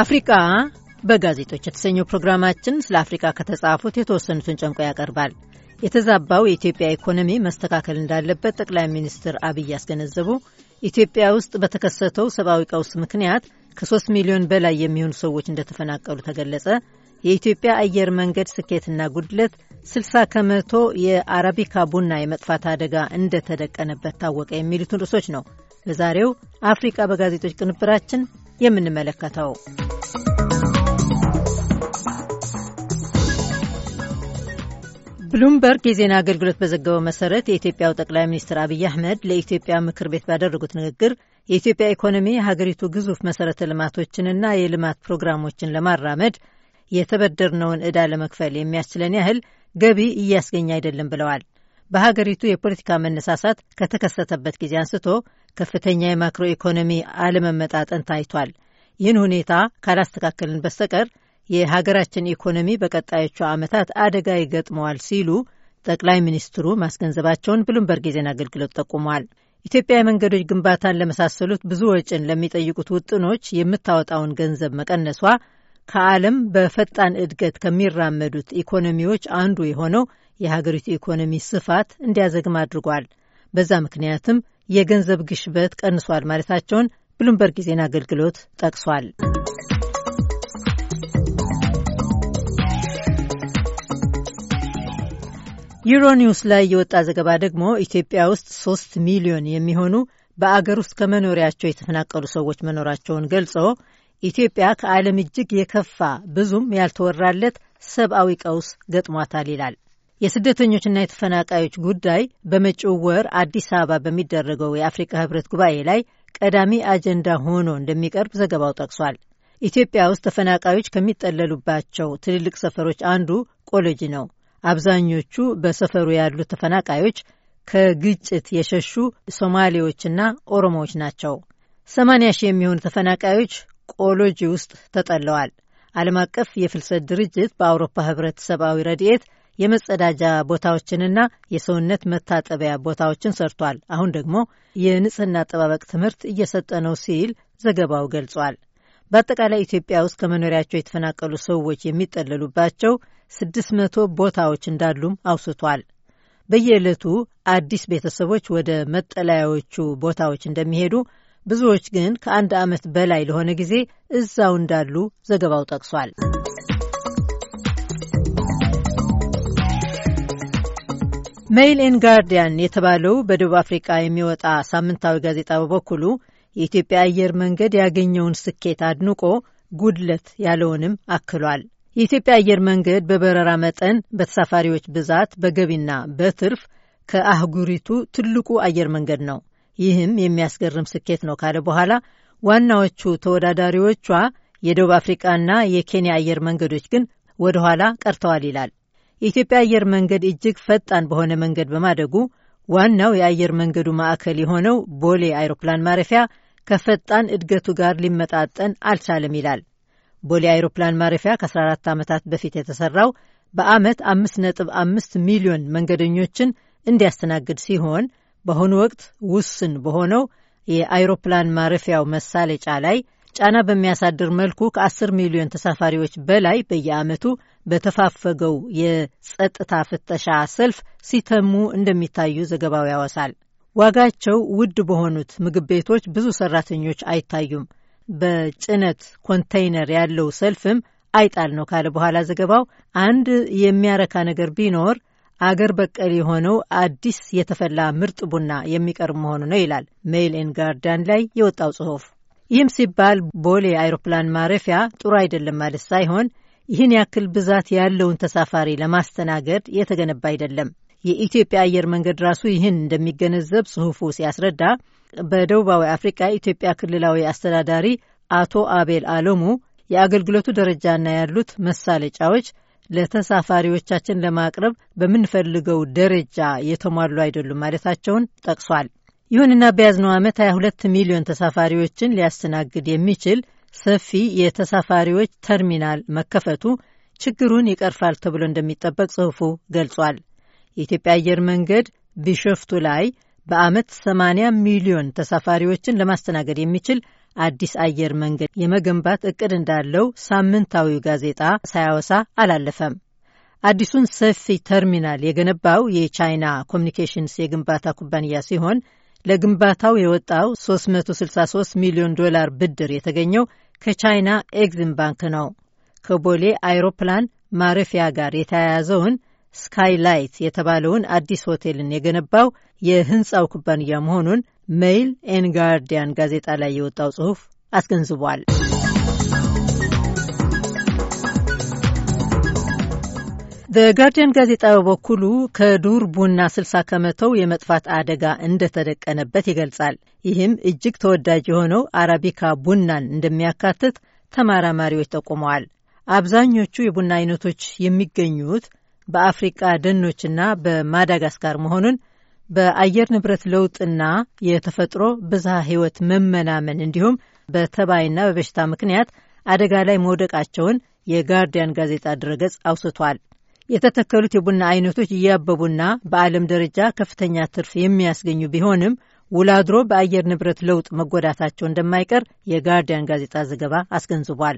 አፍሪካ በጋዜጦች የተሰኘው ፕሮግራማችን ስለ አፍሪካ ከተጻፉት የተወሰኑትን ጨምቆ ያቀርባል። የተዛባው የኢትዮጵያ ኢኮኖሚ መስተካከል እንዳለበት ጠቅላይ ሚኒስትር አብይ ያስገነዘቡ፣ ኢትዮጵያ ውስጥ በተከሰተው ሰብአዊ ቀውስ ምክንያት ከ3 ሚሊዮን በላይ የሚሆኑ ሰዎች እንደተፈናቀሉ ተገለጸ፣ የኢትዮጵያ አየር መንገድ ስኬትና ጉድለት፣ 60 ከመቶ የአረቢካ ቡና የመጥፋት አደጋ እንደተደቀነበት ታወቀ፣ የሚሉትን ርዕሶች ነው በዛሬው አፍሪቃ በጋዜጦች ቅንብራችን የምንመለከተው። ብሉምበርግ የዜና አገልግሎት በዘገበው መሰረት የኢትዮጵያው ጠቅላይ ሚኒስትር አብይ አህመድ ለኢትዮጵያ ምክር ቤት ባደረጉት ንግግር የኢትዮጵያ ኢኮኖሚ የሀገሪቱ ግዙፍ መሰረተ ልማቶችንና የልማት ፕሮግራሞችን ለማራመድ የተበደርነውን ዕዳ ለመክፈል የሚያስችለን ያህል ገቢ እያስገኘ አይደለም ብለዋል። በሀገሪቱ የፖለቲካ መነሳሳት ከተከሰተበት ጊዜ አንስቶ ከፍተኛ የማክሮ ኢኮኖሚ አለመመጣጠን ታይቷል። ይህን ሁኔታ ካላስተካከልን በስተቀር የሀገራችን ኢኮኖሚ በቀጣዮቹ ዓመታት አደጋ ይገጥመዋል ሲሉ ጠቅላይ ሚኒስትሩ ማስገንዘባቸውን ብሉምበርግ የዜና አገልግሎት ጠቁሟል። ኢትዮጵያ የመንገዶች ግንባታን ለመሳሰሉት ብዙ ወጪን ለሚጠይቁት ውጥኖች የምታወጣውን ገንዘብ መቀነሷ ከዓለም በፈጣን እድገት ከሚራመዱት ኢኮኖሚዎች አንዱ የሆነው የሀገሪቱ ኢኮኖሚ ስፋት እንዲያዘግም አድርጓል። በዛ ምክንያትም የገንዘብ ግሽበት ቀንሷል ማለታቸውን ብሉምበርግ ዜና አገልግሎት ጠቅሷል። ዩሮኒውስ ላይ የወጣ ዘገባ ደግሞ ኢትዮጵያ ውስጥ ሶስት ሚሊዮን የሚሆኑ በአገር ውስጥ ከመኖሪያቸው የተፈናቀሉ ሰዎች መኖራቸውን ገልጾ ኢትዮጵያ ከዓለም እጅግ የከፋ ብዙም ያልተወራለት ሰብአዊ ቀውስ ገጥሟታል ይላል። የስደተኞችና የተፈናቃዮች ጉዳይ በመጪው ወር አዲስ አበባ በሚደረገው የአፍሪካ ህብረት ጉባኤ ላይ ቀዳሚ አጀንዳ ሆኖ እንደሚቀርብ ዘገባው ጠቅሷል። ኢትዮጵያ ውስጥ ተፈናቃዮች ከሚጠለሉባቸው ትልልቅ ሰፈሮች አንዱ ቆሎጂ ነው። አብዛኞቹ በሰፈሩ ያሉት ተፈናቃዮች ከግጭት የሸሹ ሶማሌዎችና ኦሮሞዎች ናቸው። ሰማንያ ሺህ የሚሆኑ ተፈናቃዮች ቆሎጂ ውስጥ ተጠለዋል። ዓለም አቀፍ የፍልሰት ድርጅት በአውሮፓ ህብረት ሰብአዊ ረድኤት የመጸዳጃ ቦታዎችንና የሰውነት መታጠቢያ ቦታዎችን ሰርቷል። አሁን ደግሞ የንጽህና አጠባበቅ ትምህርት እየሰጠ ነው ሲል ዘገባው ገልጿል። በአጠቃላይ ኢትዮጵያ ውስጥ ከመኖሪያቸው የተፈናቀሉ ሰዎች የሚጠለሉባቸው 600 ቦታዎች እንዳሉም አውስቷል። በየዕለቱ አዲስ ቤተሰቦች ወደ መጠለያዎቹ ቦታዎች እንደሚሄዱ፣ ብዙዎች ግን ከአንድ ዓመት በላይ ለሆነ ጊዜ እዛው እንዳሉ ዘገባው ጠቅሷል። ሜይል ኤን ጋርዲያን የተባለው በደቡብ አፍሪቃ የሚወጣ ሳምንታዊ ጋዜጣ በበኩሉ የኢትዮጵያ አየር መንገድ ያገኘውን ስኬት አድንቆ ጉድለት ያለውንም አክሏል። የኢትዮጵያ አየር መንገድ በበረራ መጠን፣ በተሳፋሪዎች ብዛት፣ በገቢና በትርፍ ከአህጉሪቱ ትልቁ አየር መንገድ ነው። ይህም የሚያስገርም ስኬት ነው ካለ በኋላ ዋናዎቹ ተወዳዳሪዎቿ የደቡብ አፍሪቃና የኬንያ አየር መንገዶች ግን ወደኋላ ቀርተዋል ይላል። የኢትዮጵያ አየር መንገድ እጅግ ፈጣን በሆነ መንገድ በማደጉ ዋናው የአየር መንገዱ ማዕከል የሆነው ቦሌ አይሮፕላን ማረፊያ ከፈጣን እድገቱ ጋር ሊመጣጠን አልቻለም ይላል። ቦሌ አይሮፕላን ማረፊያ ከ14 ዓመታት በፊት የተሰራው በዓመት 5.5 ሚሊዮን መንገደኞችን እንዲያስተናግድ ሲሆን በአሁኑ ወቅት ውስን በሆነው የአይሮፕላን ማረፊያው መሳለጫ ላይ ጫና በሚያሳድር መልኩ ከ10 ሚሊዮን ተሳፋሪዎች በላይ በየዓመቱ በተፋፈገው የጸጥታ ፍተሻ ሰልፍ ሲተሙ እንደሚታዩ ዘገባው ያወሳል። ዋጋቸው ውድ በሆኑት ምግብ ቤቶች ብዙ ሰራተኞች አይታዩም። በጭነት ኮንቴይነር ያለው ሰልፍም አይጣል ነው ካለ በኋላ ዘገባው አንድ የሚያረካ ነገር ቢኖር አገር በቀል የሆነው አዲስ የተፈላ ምርጥ ቡና የሚቀርብ መሆኑ ነው ይላል ሜይል ኤን ጋርዳን ላይ የወጣው ጽሑፍ። ይህም ሲባል ቦሌ አይሮፕላን ማረፊያ ጥሩ አይደለም ማለት ሳይሆን ይህን ያክል ብዛት ያለውን ተሳፋሪ ለማስተናገድ የተገነባ አይደለም። የኢትዮጵያ አየር መንገድ ራሱ ይህን እንደሚገነዘብ ጽሑፉ ሲያስረዳ በደቡባዊ አፍሪቃ የኢትዮጵያ ክልላዊ አስተዳዳሪ አቶ አቤል አለሙ የአገልግሎቱ ደረጃና ያሉት መሳለጫዎች ለተሳፋሪዎቻችን ለማቅረብ በምንፈልገው ደረጃ የተሟሉ አይደሉም ማለታቸውን ጠቅሷል። ይሁንና በያዝነው ዓመት 22 ሚሊዮን ተሳፋሪዎችን ሊያስተናግድ የሚችል ሰፊ የተሳፋሪዎች ተርሚናል መከፈቱ ችግሩን ይቀርፋል ተብሎ እንደሚጠበቅ ጽሑፉ ገልጿል። የኢትዮጵያ አየር መንገድ ቢሾፍቱ ላይ በዓመት 80 ሚሊዮን ተሳፋሪዎችን ለማስተናገድ የሚችል አዲስ አየር መንገድ የመገንባት እቅድ እንዳለው ሳምንታዊው ጋዜጣ ሳያወሳ አላለፈም። አዲሱን ሰፊ ተርሚናል የገነባው የቻይና ኮሚኒኬሽንስ የግንባታ ኩባንያ ሲሆን ለግንባታው የወጣው 363 ሚሊዮን ዶላር ብድር የተገኘው ከቻይና ኤግዚም ባንክ ነው። ከቦሌ አይሮፕላን ማረፊያ ጋር የተያያዘውን ስካይላይት የተባለውን አዲስ ሆቴልን የገነባው የህንፃው ኩባንያ መሆኑን ሜይል ኤንጋርዲያን ጋዜጣ ላይ የወጣው ጽሑፍ አስገንዝቧል። በጋርዲያን ጋዜጣ በበኩሉ ከዱር ቡና 60 ከመቶው የመጥፋት አደጋ እንደተደቀነበት ይገልጻል። ይህም እጅግ ተወዳጅ የሆነው አራቢካ ቡናን እንደሚያካትት ተማራማሪዎች ጠቁመዋል። አብዛኞቹ የቡና አይነቶች የሚገኙት በአፍሪቃ ደኖችና በማዳጋስካር መሆኑን በአየር ንብረት ለውጥና የተፈጥሮ ብዝሃ ሕይወት መመናመን እንዲሁም በተባይና በበሽታ ምክንያት አደጋ ላይ መውደቃቸውን የጋርዲያን ጋዜጣ ድረገጽ አውስቷል። የተተከሉት የቡና አይነቶች እያበቡና በዓለም ደረጃ ከፍተኛ ትርፍ የሚያስገኙ ቢሆንም ውላድሮ በአየር ንብረት ለውጥ መጎዳታቸው እንደማይቀር የጋርዲያን ጋዜጣ ዘገባ አስገንዝቧል።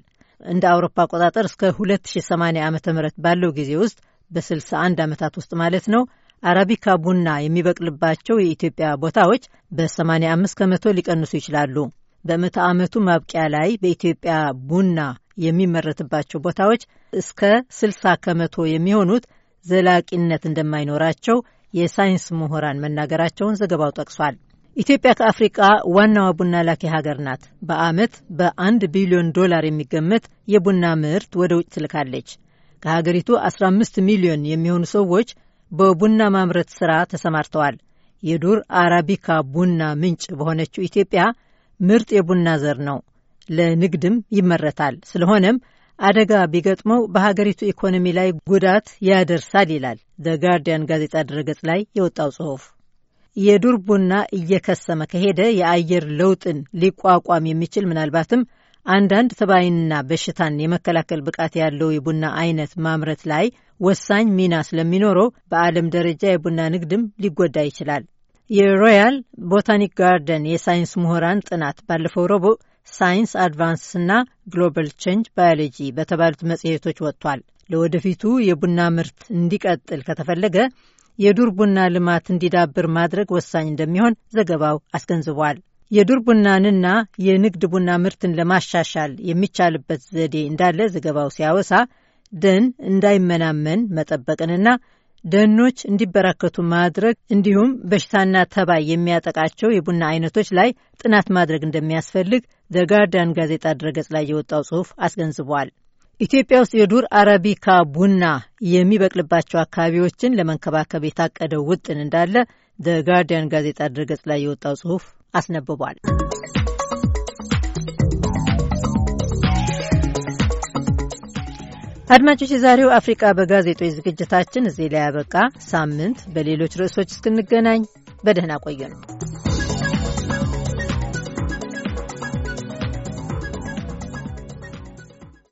እንደ አውሮፓ አቆጣጠር እስከ 2080 ዓ ም ባለው ጊዜ ውስጥ በ61 ዓመታት ውስጥ ማለት ነው አረቢካ ቡና የሚበቅልባቸው የኢትዮጵያ ቦታዎች በ85 ከመቶ ሊቀንሱ ይችላሉ። በምዕተ ዓመቱ ማብቂያ ላይ በኢትዮጵያ ቡና የሚመረትባቸው ቦታዎች እስከ 60 ከመቶ የሚሆኑት ዘላቂነት እንደማይኖራቸው የሳይንስ ምሁራን መናገራቸውን ዘገባው ጠቅሷል። ኢትዮጵያ ከአፍሪቃ ዋናዋ ቡና ላኪ ሀገር ናት። በዓመት በአንድ ቢሊዮን ዶላር የሚገመት የቡና ምርት ወደ ውጭ ትልካለች። ከሀገሪቱ 15 ሚሊዮን የሚሆኑ ሰዎች በቡና ማምረት ሥራ ተሰማርተዋል። የዱር አራቢካ ቡና ምንጭ በሆነችው ኢትዮጵያ ምርጥ የቡና ዘር ነው፣ ለንግድም ይመረታል። ስለሆነም አደጋ ቢገጥመው በሀገሪቱ ኢኮኖሚ ላይ ጉዳት ያደርሳል ይላል ዘ ጋርዲያን ጋዜጣ ድረገጽ ላይ የወጣው ጽሑፍ። የዱር ቡና እየከሰመ ከሄደ የአየር ለውጥን ሊቋቋም የሚችል ምናልባትም አንዳንድ ተባይንና በሽታን የመከላከል ብቃት ያለው የቡና አይነት ማምረት ላይ ወሳኝ ሚና ስለሚኖረው በዓለም ደረጃ የቡና ንግድም ሊጎዳ ይችላል። የሮያል ቦታኒክ ጋርደን የሳይንስ ምሁራን ጥናት ባለፈው ረቡዕ ሳይንስ አድቫንስና ግሎባል ቼንጅ ባዮሎጂ በተባሉት መጽሔቶች ወጥቷል። ለወደፊቱ የቡና ምርት እንዲቀጥል ከተፈለገ የዱር ቡና ልማት እንዲዳብር ማድረግ ወሳኝ እንደሚሆን ዘገባው አስገንዝቧል። የዱር ቡናንና የንግድ ቡና ምርትን ለማሻሻል የሚቻልበት ዘዴ እንዳለ ዘገባው ሲያወሳ ደን እንዳይመናመን መጠበቅንና ደኖች እንዲበራከቱ ማድረግ እንዲሁም በሽታና ተባይ የሚያጠቃቸው የቡና አይነቶች ላይ ጥናት ማድረግ እንደሚያስፈልግ ዘጋርዳን ጋዜጣ ድረገጽ ላይ የወጣው ጽሑፍ አስገንዝቧል። ኢትዮጵያ ውስጥ የዱር አረቢካ ቡና የሚበቅልባቸው አካባቢዎችን ለመንከባከብ የታቀደው ውጥን እንዳለ ዘጋርዲያን ጋዜጣ ድረገጽ ላይ የወጣው ጽሑፍ አስነብቧል። አድማጮች፣ የዛሬው አፍሪቃ በጋዜጦች ዝግጅታችን እዚህ ላይ ያበቃ። ሳምንት በሌሎች ርዕሶች እስክንገናኝ በደህና ቆየ ነው።